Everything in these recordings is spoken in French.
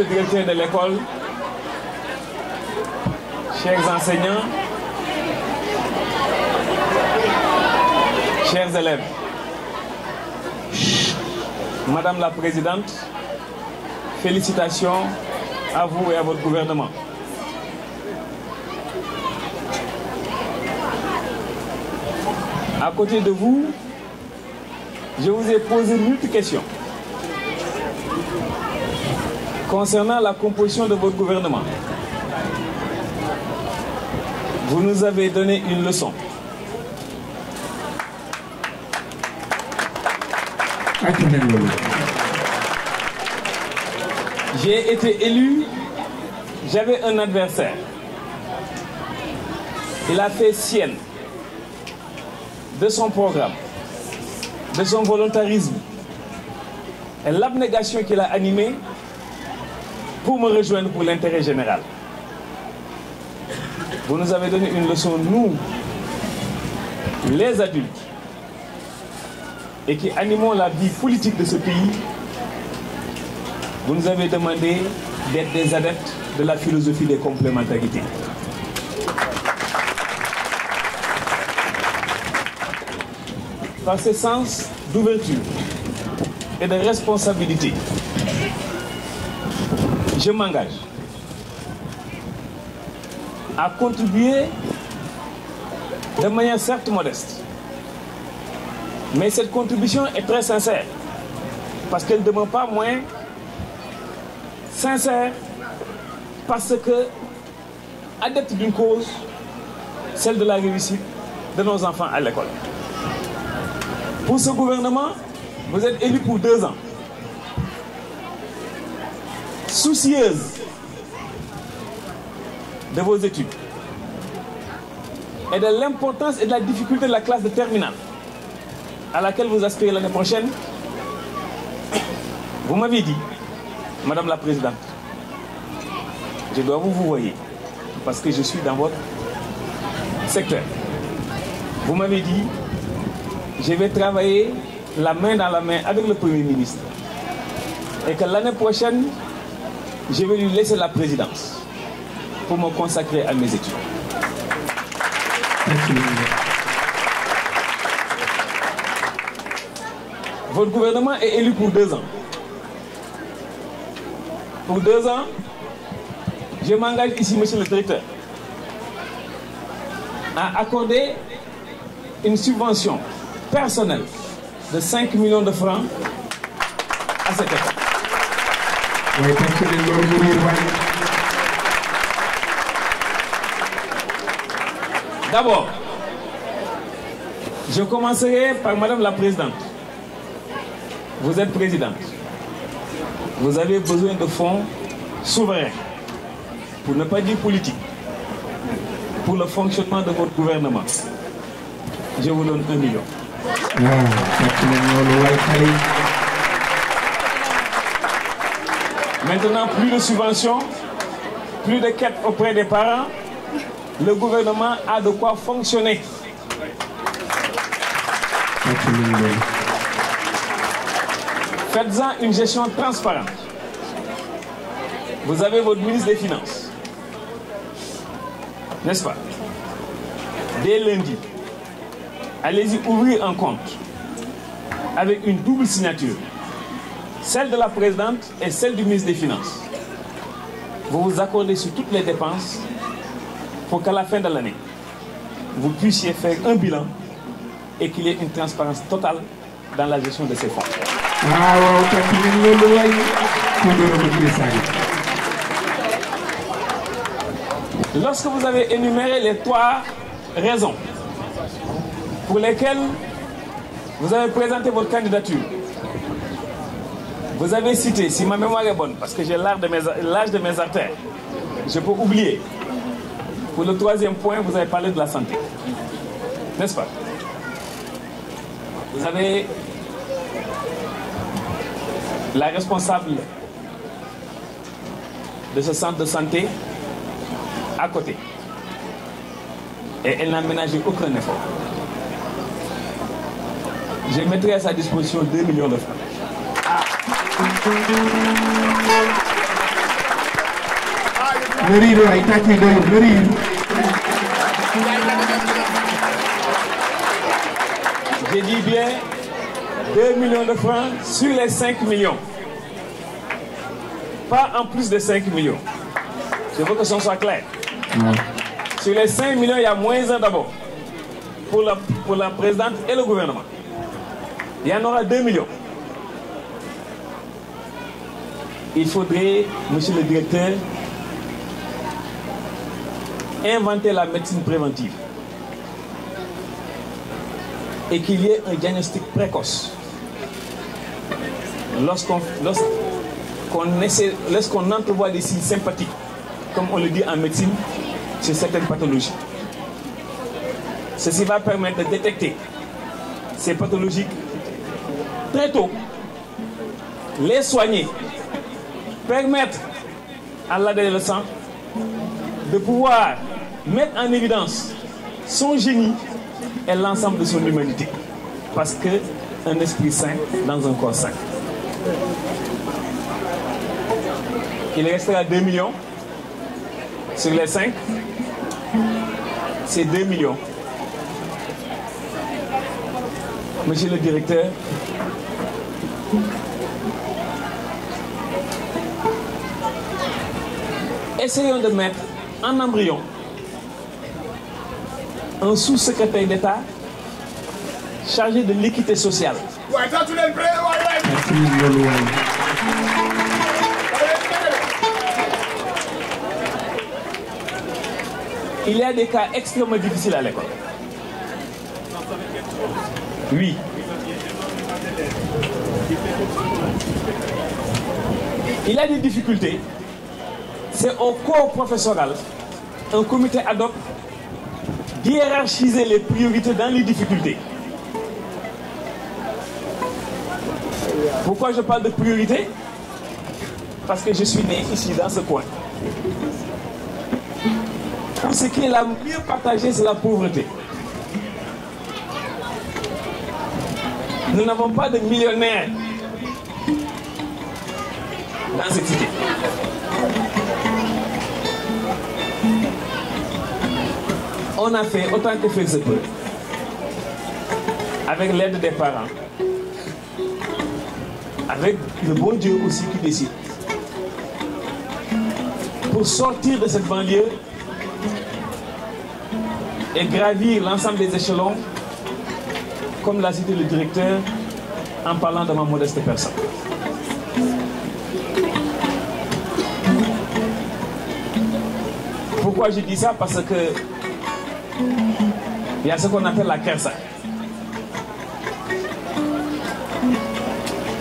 le directeur de l'école, chers enseignants, chers élèves, Madame la Présidente, félicitations à vous et à votre gouvernement. À côté de vous, je vous ai posé multiples questions. Concernant la composition de votre gouvernement, vous nous avez donné une leçon. J'ai été élu, j'avais un adversaire. Il a fait sienne de son programme, de son volontarisme et l'abnégation qu'il a animée pour me rejoindre pour l'intérêt général. Vous nous avez donné une leçon, nous, les adultes, et qui animons la vie politique de ce pays, vous nous avez demandé d'être des adeptes de la philosophie des complémentarités. Par ce sens d'ouverture et de responsabilité, je m'engage à contribuer de manière certes modeste, mais cette contribution est très sincère, parce qu'elle ne demande pas moins sincère, parce que adepte d'une cause, celle de la réussite de nos enfants à l'école. Pour ce gouvernement, vous êtes élu pour deux ans soucieuse de vos études et de l'importance et de la difficulté de la classe de terminale à laquelle vous aspirez l'année prochaine, vous m'avez dit, Madame la Présidente, je dois vous vous voyez parce que je suis dans votre secteur. Vous m'avez dit, je vais travailler la main dans la main avec le Premier ministre et que l'année prochaine, je vais lui laisser la présidence pour me consacrer à mes études. Votre gouvernement est élu pour deux ans. Pour deux ans, je m'engage ici, monsieur le directeur, à accorder une subvention personnelle de 5 millions de francs à cette école. D'abord, je commencerai par Madame la Présidente. Vous êtes présidente. Vous avez besoin de fonds souverains, pour ne pas dire politiques, pour le fonctionnement de votre gouvernement. Je vous donne un million. Ah, Maintenant, plus de subventions, plus de quêtes auprès des parents, le gouvernement a de quoi fonctionner. Faites-en une gestion transparente. Vous avez votre ministre des Finances, n'est-ce pas Dès lundi, allez-y ouvrir un compte avec une double signature celle de la présidente et celle du ministre des Finances. Vous vous accordez sur toutes les dépenses pour qu'à la fin de l'année, vous puissiez faire un bilan et qu'il y ait une transparence totale dans la gestion de ces fonds. Lorsque vous avez énuméré les trois raisons pour lesquelles vous avez présenté votre candidature, vous avez cité, si ma mémoire est bonne, parce que j'ai l'âge de, mes artères, je peux oublier. Pour le troisième point, vous avez parlé de la santé. N'est-ce pas Vous avez la responsable de ce centre de santé à côté. Et elle n'a ménagé aucun effort. Je mettrai à sa disposition 2 millions de je dis bien 2 millions de francs sur les 5 millions. Pas en plus de 5 millions. Je veux que ça soit clair. Sur les 5 millions, il y a moins un d'abord. Pour la, pour la présidente et le gouvernement. Il y en aura 2 millions. il faudrait, monsieur le directeur, inventer la médecine préventive et qu'il y ait un diagnostic précoce. Lorsqu'on lorsqu'on entrevoit des signes sympathiques, comme on le dit en médecine, sur certaines pathologies. Ceci va permettre de détecter ces pathologies très tôt, les soigner permettre à l'adolescent de pouvoir mettre en évidence son génie et l'ensemble de son humanité. Parce que un esprit saint dans un corps saint. Il restera 2 millions sur les 5. C'est 2 millions. Monsieur le directeur, essayons de mettre en embryon un sous-secrétaire d'État chargé de l'équité sociale. Il y a des cas extrêmement difficiles à l'école. Oui. Il a des difficultés c'est au corps professoral, un comité ad hoc, d'hierarchiser les priorités dans les difficultés. Pourquoi je parle de priorité Parce que je suis né ici, dans ce coin. Ce qui est la mieux partagée, c'est la pauvreté. Nous n'avons pas de millionnaires dans cette idée. on a fait autant que faire ce peut, avec l'aide des parents, avec le bon Dieu aussi qui décide, pour sortir de cette banlieue et gravir l'ensemble des échelons, comme l'a cité le directeur, en parlant de ma modeste personne. Pourquoi je dis ça Parce que il y a ce qu'on appelle la Kersa.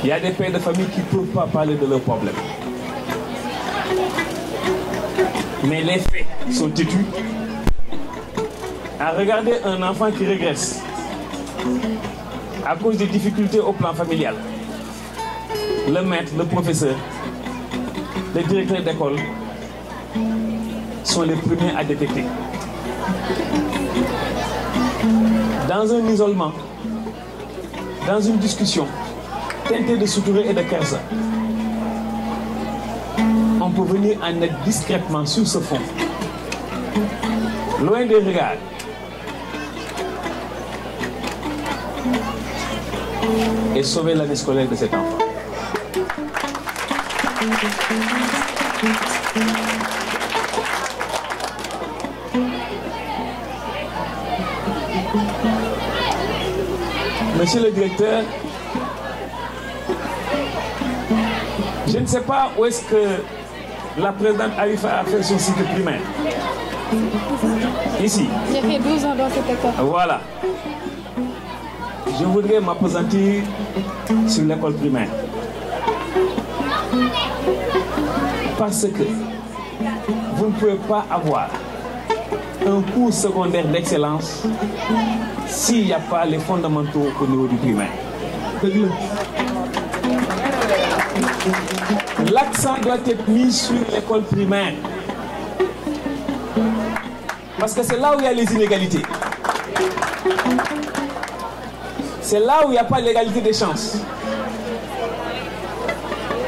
Il y a des pères de famille qui ne peuvent pas parler de leurs problèmes. Mais les faits sont têtus. À regarder un enfant qui régresse à cause des difficultés au plan familial, le maître, le professeur, le directeur d'école sont les premiers à détecter dans un isolement, dans une discussion tenter de soutourer et de kersa, on peut venir en être discrètement sur ce fond, loin des regards. et sauver la vie scolaire de cet enfant. Monsieur le directeur, je ne sais pas où est-ce que la présidente Arifa a fait son cycle primaire. Ici. J'ai fait 12 ans dans cette école. Voilà. Je voudrais m'apesantir sur l'école primaire. Parce que vous ne pouvez pas avoir un cours secondaire d'excellence s'il n'y a pas les fondamentaux au niveau du primaire. L'accent doit être mis sur l'école primaire. Parce que c'est là où il y a les inégalités. C'est là où il n'y a pas l'égalité des chances.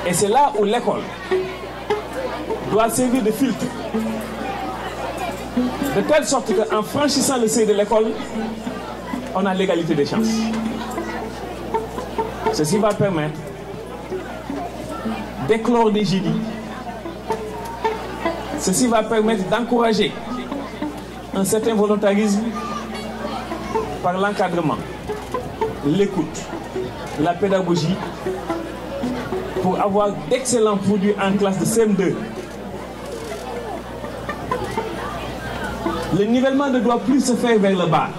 Et c'est là où l'école doit servir de filtre. De telle sorte qu'en franchissant le seuil de l'école, on a l'égalité des chances. Ceci va permettre d'éclore des génies. Ceci va permettre d'encourager un certain volontarisme par l'encadrement, l'écoute, la pédagogie pour avoir d'excellents produits en classe de CM2. Le nivellement ne doit plus se faire vers le bas.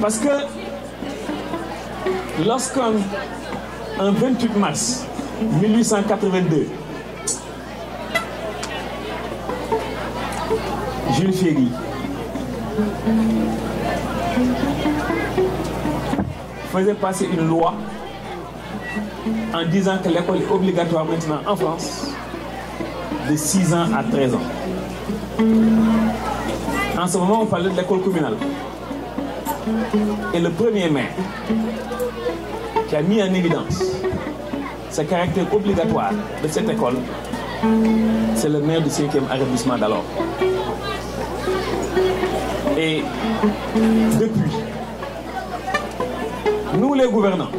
Parce que lorsqu'un 28 mars 1882, Jules Ferry faisait passer une loi en disant que l'école est obligatoire maintenant en France de 6 ans à 13 ans. En ce moment, on parlait de l'école communale et le premier maire qui a mis en évidence ce caractère obligatoire de cette école, c'est le maire du 5e arrondissement d'alors. Et depuis, nous les gouvernants,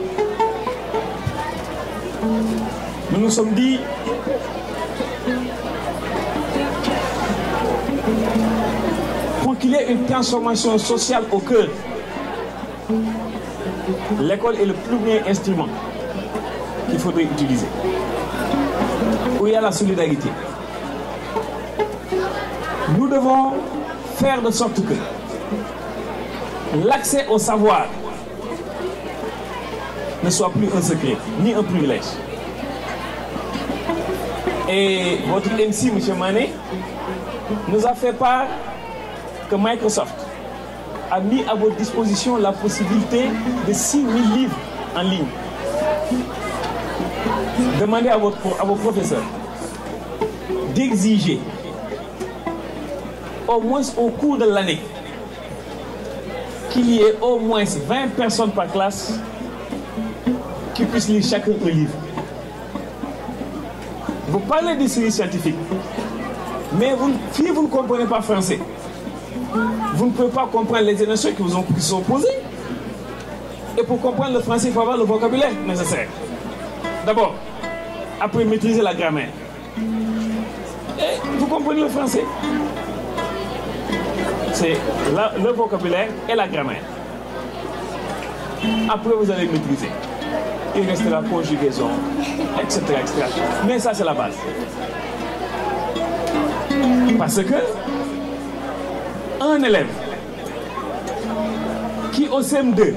nous nous sommes dit pour qu'il y ait une transformation sociale au cœur L'école est le premier instrument qu'il faudrait utiliser. Où il y a la solidarité. Nous devons faire de sorte que l'accès au savoir ne soit plus un secret, ni un privilège. Et votre MC, M. Mané, nous a fait part que Microsoft a mis à votre disposition la possibilité de 6 000 livres en ligne. Demandez à, votre, à vos professeurs d'exiger au moins au cours de l'année qu'il y ait au moins 20 personnes par classe qui puissent lire chaque un livre. Vous parlez de série scientifique, mais si vous ne comprenez pas français, vous ne pouvez pas comprendre les émotions qui vous ont, sont posées. Et pour comprendre le français, il faut avoir le vocabulaire nécessaire. D'abord, après maîtriser la grammaire. Et vous comprenez le français. C'est le vocabulaire et la grammaire. Après, vous allez maîtriser. Il reste la conjugaison, etc. etc. Mais ça, c'est la base. Parce que un élève qui au CM2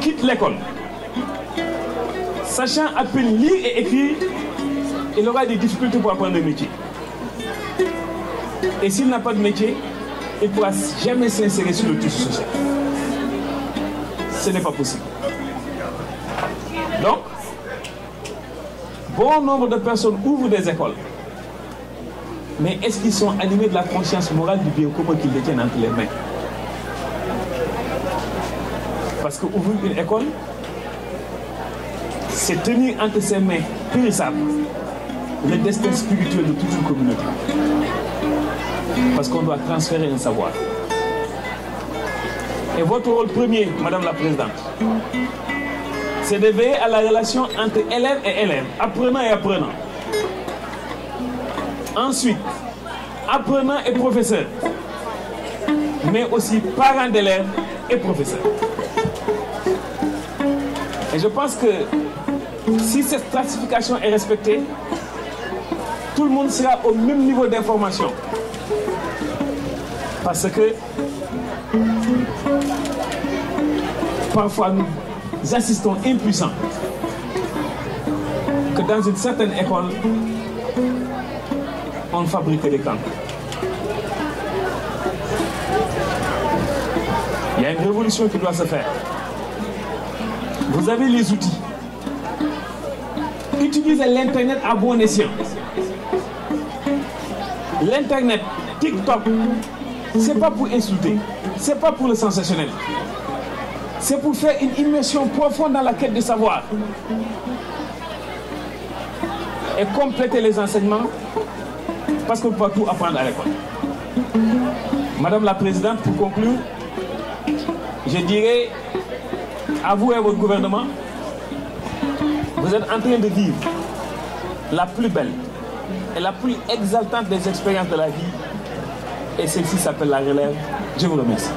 quitte l'école, sachant à peine lire et écrire, il aura des difficultés pour apprendre le métier. Et s'il n'a pas de métier, il ne pourra jamais s'insérer sur le tissu social. Ce n'est pas possible. Donc, bon nombre de personnes ouvrent des écoles mais est-ce qu'ils sont animés de la conscience morale du bien commun qu'ils détiennent entre les mains Parce que ouvrir une école, c'est tenir entre ses mains périssables le destin spirituel de toute une communauté. Parce qu'on doit transférer un savoir. Et votre rôle premier, Madame la Présidente, c'est de veiller à la relation entre élève et élève, apprenant et apprenant. Ensuite, apprenants et professeurs, mais aussi parents d'élèves et professeurs. Et je pense que si cette classification est respectée, tout le monde sera au même niveau d'information. Parce que parfois nous assistons impuissants que dans une certaine école, on fabrique des camps. Il y a une révolution qui doit se faire. Vous avez les outils. Utilisez l'Internet à bon escient. L'Internet, TikTok, c'est pas pour insulter, c'est pas pour le sensationnel. C'est pour faire une immersion profonde dans la quête de savoir. Et compléter les enseignements parce qu'on peut tout apprendre à l'école. Madame la Présidente, pour conclure, je dirais à vous et à votre gouvernement, vous êtes en train de vivre la plus belle et la plus exaltante des expériences de la vie. Et celle-ci s'appelle la relève. Je vous remercie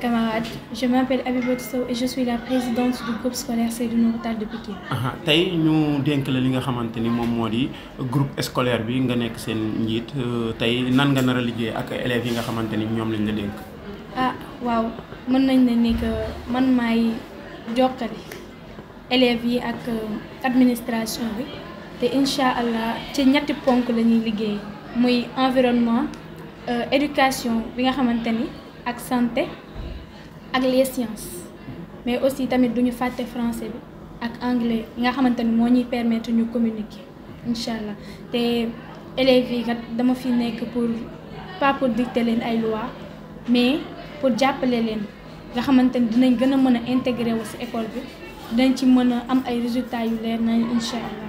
chers camarades, je m'appelle Abibot Sow et je suis la présidente du groupe scolaire Seydou Nourtal de Piquet. tey ñu dénk la li nga xamante ni moom moo di groupe scolaire bi nga nekk seen njiit euh, tey nan nga nar a liggéey ak élèves yi nga xamante ni ñoom lañ la dénk. ah waaw mën nañ ne ni man maay jokkale élèves yi ak euh, administration bi te incha allah ci ñetti ponk la ñuy liggéey muy environnement euh, éducation bi nga xamante ni. ak santé ak les sciences mais aussi tamit duñu faté français bi ak anglais nga xamante mo moo ñuy permettre ñu communiquer inshallah té te élèves yi kat dama fi nekk pour pas pour dicter leen ay loi mais pour jappalé leen nga xamante dinañ gëna mëna intégrer wu ci école bi dinañ ci mëna am ay résultats yu leer nañ inshallah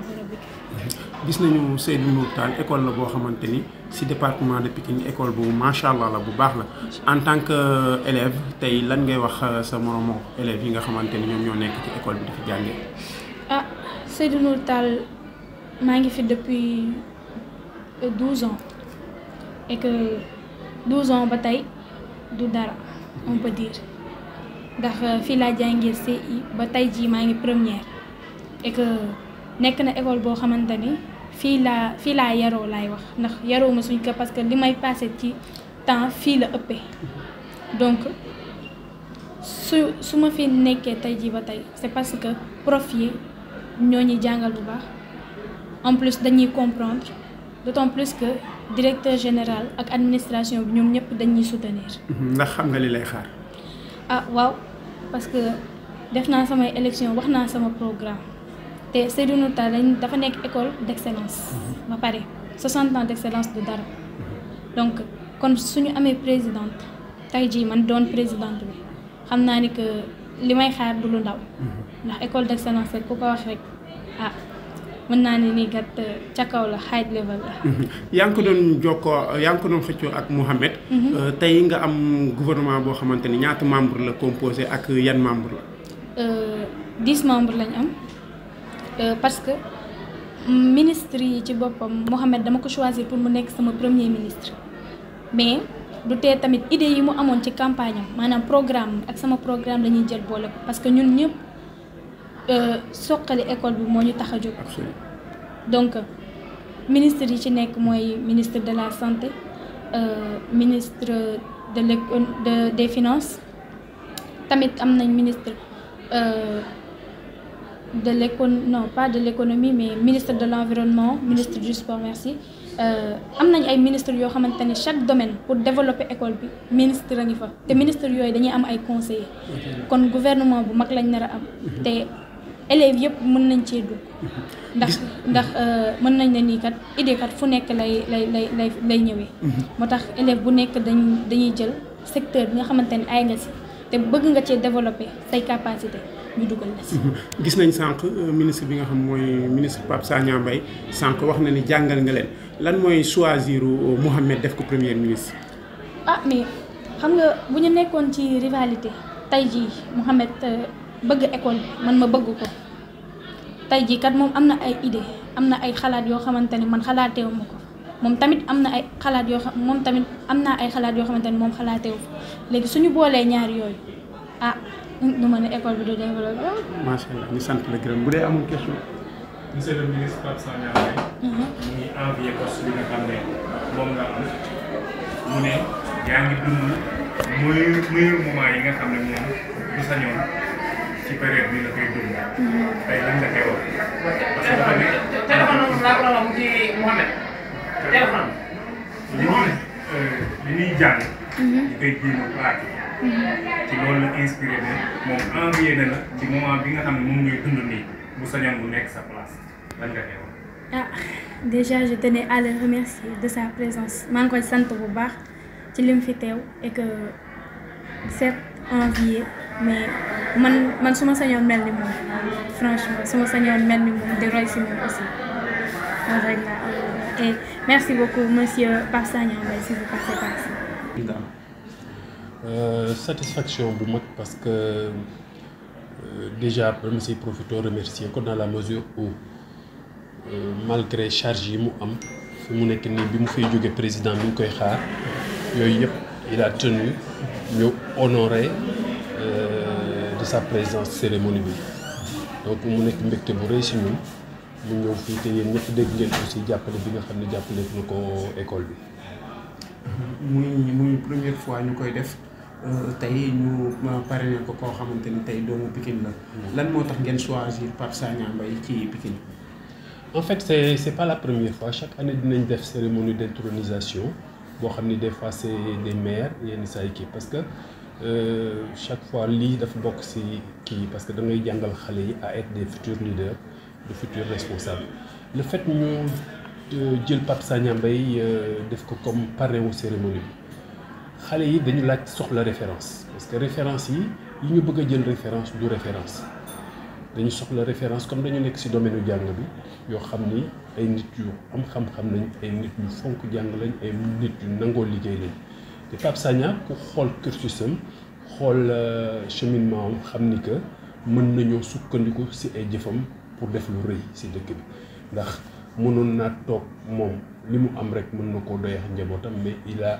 gis nañu Seydou Nour Tall école la boo xamante ni si département de Pikine école bu macha allah la bu baax la en tant que euh, élève tey lan ngay wax euh, sa morom élève yi nga xamante ni ñoom ñoo nekk ci école bi fi jàngee. ah Seydou Nour Tall maa ngi fi depuis 12 euh, ans et que 12 ans ba tey du dara on peut dire ndax fii laa jàngee CI ba tey jii maa ngi première et que nekk na école boo xamante ni fii laa fii laa yaroo laay wax ndax yaroo ma suñ ko parce que li may passé ci temps fii la ëppee donc su su ma fi nekkee tey jii ba tey c'est parce que prof yi ñoo ñuy jàngal bu baax en plus dañuy comprendre d'autant plus que directeur général ak administration bi ñoom ñëpp dañuy soutenir. Mhm, ndax xam nga li lay xaar. ah waaw parce que def naa samay élection wax naa sama programme te Seydou Nourou Tall dañ dafa nekk école d'excellence ma mm-hmm. ba 60 ans de excellence du dara mm-hmm. donc kon suñu amee présidente tey jii man présidente bi xam naa ni que li may xaar du lu ndaw mm-hmm. ndax école d' excellence rek ku ko wax rek ah mën gat euh, la high level la. yaa ngi ko doon jokkoo yaa ko ak mohammed euh, tay nga am gouvernement bo xamante ni ñaata membre la composé ak yan membre la. 10 euh, membres lañ am. Euh, parce que ministre yi ci bopam mohammed dama ko choisir pour mu nek sama premier ministre mais du té tamit idée yi mu amone ci campagne manam programme ak sama programme lañuy jël bolé parce que ñun ñëpp euh, soqali école bi moñu ñu donc ministre yi ci nek moy ministre de la santé euh, ministre de de des finances tamit amnañ ministre euh de l'économie, non pas de l'économie, mais ministre de l'environnement, ministre du sport, merci. Euh, amnañ ay ministres yo xamanteni chaque domaine pour développer école bi ministre a fa té ministre yoy dañuy am ay conseillers kon gouvernement bu mag lañ nar am te élèves yépp mën nañ ci dugg ndax ndax euh, mën nañ ne kat idée kat fu nekk lay lay lay lay lay ñëwee élève bu nekk dañ dañuy jël secteur bi nga xamanteni ay nga si te bëgg nga ci développer say capacité ñu gis nañ sànq euh, ministre bi nga xam mooy ministre Pape Sagna Mbaye sànq wax na ni jàngal nga leen lan mooy choisir euh, Mouhamed def ko premier ministre. ah mais xam nga bu ñu nekkoon ci rivalité tey jii Mouhamed euh, bëgg école man ma bëgg ko tey jii kat moom am na ay idée am na ay xalaat yoo xamante ni man xalaateew ma ko moom tamit am na ay xalaat yoo xam moom tamit am naa ay xalaat yoo xamante ni moom xalaateewu léegi suñu boolee ñaar yooyu ah. nu ma ne école bi du développé. macha allah ñu sant la gërëm bu dee amul question. monsieur le ministre Pape Sagna Mbaye. mu ngi envier poste bi nga xam ne nga am mu ne yaa dund muy muy moment yi nga xam ne moom du sañoon ci période bi la koy dund. tey lan nga koy wax. parce que dafa ne. téléphone laa ko doon wax ci Mohamed. téléphone. ñoo ne li jàng. ñu koy jéem a pratiquer. ci loolu la inspiré ne moom envoyé na la ci moment bi nga xam ne moom ngay dund nii bu sañoon bu nekk sa place lan nga xew ah déjà je tenais à le remercier de sa présence maa ngi koy sant bu baax ci lim fi teew et que cet envier mais man man suma ma sañoon mel ni moom franchement suma ma sañoon mel ni moom di roy si moom aussi on règle et merci beaucoup monsieur Pape Sagna Mbaye si vous passez par ici. Euh, satisfaction bu mag parce que euh, déjà dama siy profité remercier ko dans la mesure où euh, malgré charge yi mu am fi mu nek ni bi mu fay jóge président mi ngi koy xaar yooyu yëpp il a tenu ñu euh, de sa présence cérémonie bi donc mu nek mbekté bu réussi ñu ñun mu ñëw fii te yéen ñëpp dégg ngeen aussi jappalé bi nga xamné jappalé ko école bi. muy muy première fois ñukoy def. Euh, tey ñu parrainé ko koo xamante ni tey doomu Pikine la. Hmm. lan moo tax ngeen choisir Pape Sagna ci Pikine. en fait c' est c' est pas la première fois chaque année dinañ def cérémonie d' intronisation boo xam ni des fois c' est des maires yenn saa yi kii parce que euh, chaque fois lii dafa bokk si kii parce que da ngay jàngal xale yi à être des futurs leaders des futurs responsables le fait ñu euh, jël Pape Sagna Mbaye euh, def ko comme parrain wu cérémonie bi xalé yi dañu laaj soxla référence parce que référence yi yi ñu bëgg jël référence du référence dañu soxla référence comme dañu nekk ci domaine jàng bi yoo xam ni ay nit yu am xam-xam lañ ay nit yu fonk jàng lañ ay nit yu nangoo liggéey lañ te Pape Sagna ku xool cursusam xool euh, cheminement am xam ni que mën nañoo sukkandiku ci ay jëfam pour def lu rëy ci dëkk bi ndax mënoon naa toog moom li mu am rek mën na koo doyax njabootam mais il a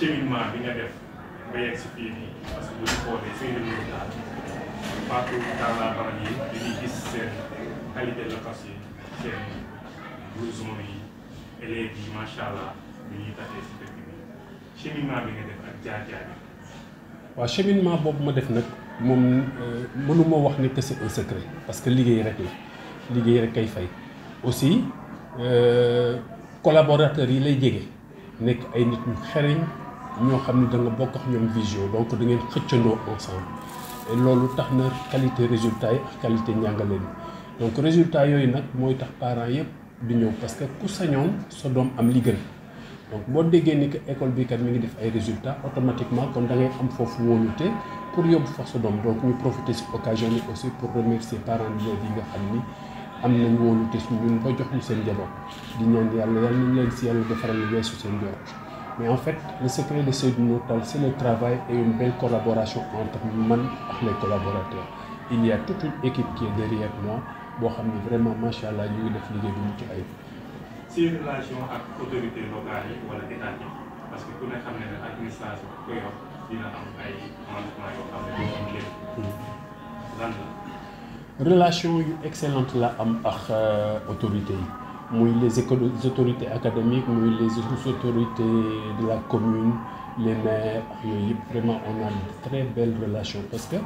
cheminement bi nga def ba yegg si fii que bu yi macha allah ñu ñuy tàggee boobu ma def nag moom euh, mënuma wax ni que c'est un parce que liggéey rek la liggéey rek kay fay aussi euh, collaborateurs yi lay jege nekk ay nit ñu xereñ. ñoo xam ni da nga bokk ak ñoom vision donc da ngeen xëccandoo ensemble et loolu tax na qualité résultat yi ak qualité njàngale bi donc résultat yooyu nag mooy tax parents yëpp di ñëw parce que ku sañoon sa doom am li gën donc boo déggee ni que école bi kat mi ngi def ay résultats automatiquement kon da ngay am foofu wóolute pour yóbbu fa sa doom donc ñu profiter ci occasion bi aussi pour remercier parents bi yi nga xam ni am nañ wóolute su ñun ba jox ñu seen njaboot di ñaan yàlla yàlla nañ leen ci yàlla defaral weesu seen njaboot. Mais en fait, le secret de ce notal, c'est le travail et une belle collaboration entre moi et les collaborateurs. Il y a toute une équipe qui est derrière moi. Bon, vraiment, machallah, nous avons fait des C'est une relation avec l'autorité locale ou l'État Parce que nous savons que l'administration, il y a des relations excellentes là avec euh, l'autorité les autorités académiques les autorités de la commune les maires vraiment on a une très belle relation parce que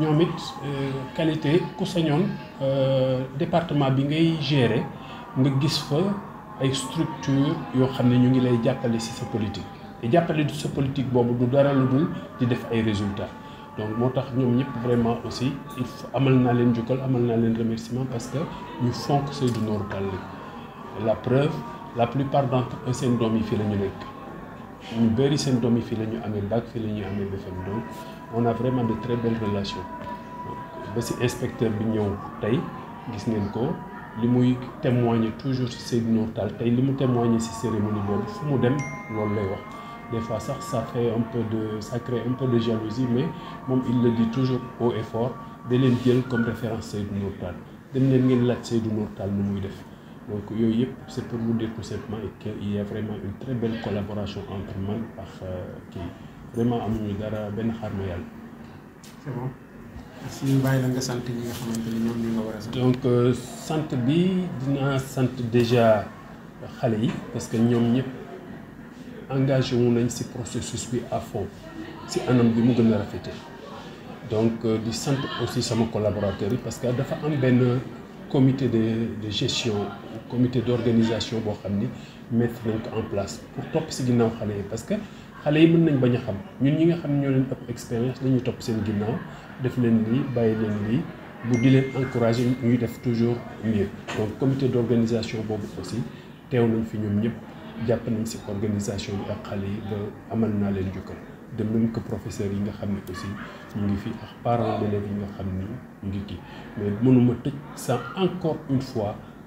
avons une euh, qualité ku sañoon euh, département bi ngay gérer nga gis fa structure qui xam ne ñu de lay jàppale ci sa politique Et jàppale de sa politique bon, nous dara lu dul di résultats donc nous avons vraiment aussi il amal jukkal amal remerciement parce que nous fonctionnons Seydou la preuve la plupart d'entre eux sont des yi fii la ñu nekk ñu bëri des doom yi fii des ñu donc on a vraiment de très belles relations ba si inspecteur bi ñëw tey gis ngeen ko toujours sur Seydou Nour Tall tey li mu témoigner si cérémonie il fu mu dem loolu lay des fois ça fait un peu de ça crée un peu de jalousie mais il le dit toujours haut et fort da leen comme référence Seydou Nour De dem leen ngeen laaj Seydou Nour Tall nu muy def donc yoyep c'est pour vous dire tout simplement qu'il y a vraiment une très belle collaboration entre man ak euh, kii vraiment amuñu dara ben xaar yalla c'est bon si ñu la nga sant ñi nga xamanteni ñom ñu nga wara sant. donc euh, sant bi dina sant déjà xalé yi parce que ñom ñep engagé wu nañ ci processus bi à fond ci anam bi mu gën a fêter donc euh, di sant aussi sama collaborateurs yi parce que dafa am ben comité de de gestion comité d'organisation boo xam mettre nañ en place pour top si ginnaaw xale parce que xalé yi mën nañ baña xam ñun ñi nga xam ñoo leen ëpp expérience la ñuy topp seen ginnaaw def leen lii bàyyi leen lii bu di leen encourager ñuy def toujours mieux donc comité d'organisation boobu aussi teew nañ fi ñoom ñëpp jàpp nañ si organisation bi ak xale yi ba amal naa leen jukkal de même que professeur yi nga xam ne aussi ñu ngi fi ak parents d'élèves yi nga xam ni ñu ngi kii mais mënuma tëj sans encore une fois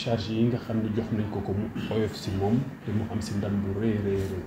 charge yi nga xam ne jox nañ ko ko mu oyof si moom te mu am si ndam bu rëy rëy rëy